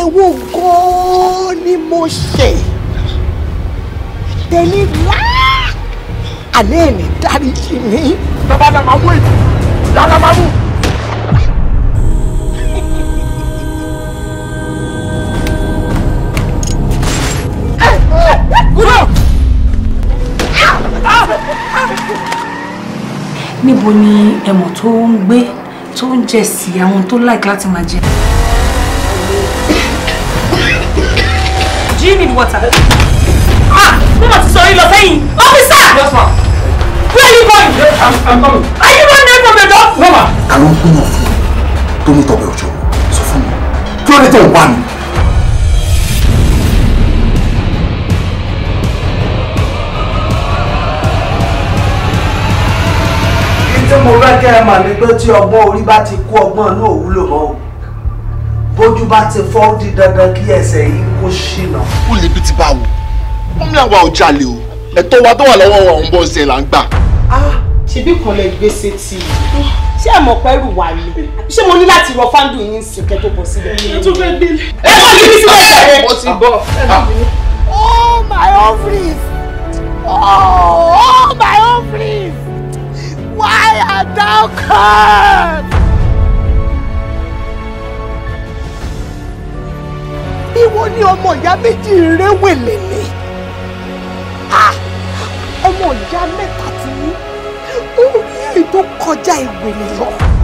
èwo gan-an ni mo ṣe tẹ̀lé láà àlẹ́ ẹ̀ ní dáríjì mi. bàbá náà máa mú ètò lára máa mú. níbo ni ẹ̀mọ̀ tó ń gbé tó ń jẹ sí àwọn tó láìka láti máa jẹ. you need water? Ah! Mama Sorry, sọ yín Officer! Yes ma'am. Where are you going? Yes, I'm, I'm coming. Are you running from the door? No ma. Àlọ́ ń gbóná fún mi tó ní tọ́bẹ̀ So Sọ fún mi. Kí one. dé tó ń wá mi? tí mo rẹ́ kẹ́ ẹ mà ní pé tí ọgbọ́n orí bá ti kó ọgbọ́n inú òwúlò mọ́ bójú bá ti fọ́ di dandan kí ẹsẹ̀ yìí kó ṣìnà. ó lè ti bá wò wọ́n ní àwa ò jalè o ẹ̀tọ́ wa tó wà lọ́wọ́ wa òun bọ́ ṣe là ń gbà. Ah! ṣebí kan lẹ gbèsè tì í ṣé ẹ mọ̀ pẹ́rù wà ní ṣé mo ní láti rọ fáńdù yín sí kẹ́tọ́ bọ̀ sílẹ̀. ẹ tó fẹ́ gbélé. ẹ má lè fi sílẹ̀. mo ti bọ̀. oh my office oh, oh my office why are thou come. ìwọ ni ọmọ ìyá méjì rẹwẹlẹ ni ọmọ ìyá mẹ́ta ti ní orí èyí tó kọjá ìwé nìyọ.